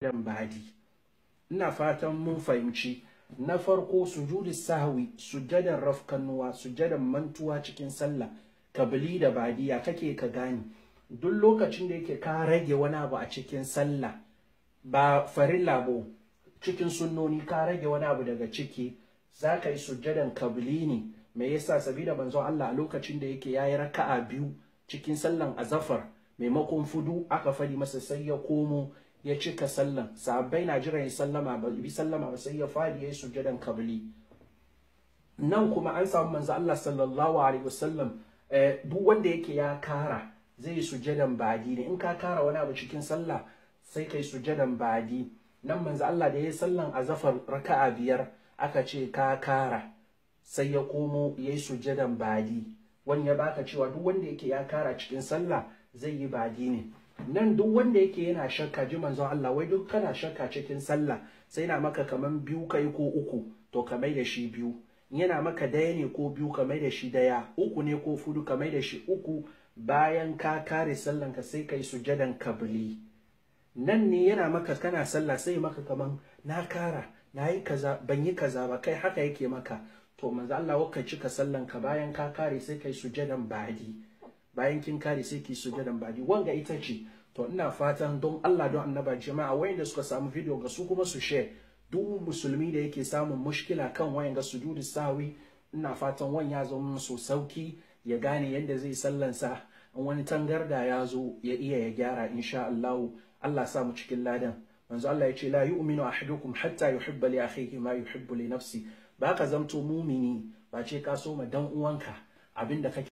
dan badi ina fatan mun fahimci na farko sujudi sahwi sujadan rafkanuwa sujadan mantuwa cikin sallah kabli da badiya kake ka gane duk lokacin da yake ka rage wani abu a cikin sallah ba farilla ba cikin sunnoni ka rage wani abu daga ciki za ka yi sujjadan kabli ne me yasa sabida manzon Allah a lokacin da yake yayi raka'a biyu cikin sallan azafar maimakon fudu aka fadi masa sai ya komo ya cika sallan sahabbai na jiran ya sallama ba bi sallama ba sai ya fadi yayi sujjadan kabli nan kuma an samu manzo Allah sallallahu alaihi wasallam eh, duk wanda yake ya kara zai yi sujjadan badi ne in ka kara wani abu cikin sallah sai kai sujjadan badi nan manzo Allah da yayi sallan azafar raka'a biyar aka ce ka kara sai ya komo yayi sujjadan badi wani ya baka cewa duk wanda yake ya kara cikin sallah zai yi badi ne nan duk wanda yake yana shakka ji manzon Allah wai duk kana shakka cikin sallah sai na maka kaman biyu kai ko uku to ka mai da shi biyu yana maka daya ne ko biyu ka mai da shi daya uku ne ko fudu ka mai da shi uku bayan ka kare sallan ka sai kai sujadan kabli nan ne yana maka kana sallah sai maka kaman na kara na yi kaza ban yi kaza ba kai haka yake maka to manzo Allah ka cika sallan ka bayan ka kare sai kai sujadan badi bayan kin kare sai ki sujadan badi wanga ita ce to ina fatan don Allah don annaba jama'a wayanda suka samu video ga su kuma su share duk musulmi da yake samun mushkila kan wayan ga sujudu sawi ina fatan wani ya zo musu sauki ya gane yadda zai sallansa in wani tangarda ya zo ya iya ya gyara insha Allah Allah sa mu cikin ladan manzo Allah ya ce la yu'minu ahadukum hatta yuhibba li akhihi ma yuhibbu li nafsi ba ka zamto mumini ba ce ka so ma dan uwanka abinda kake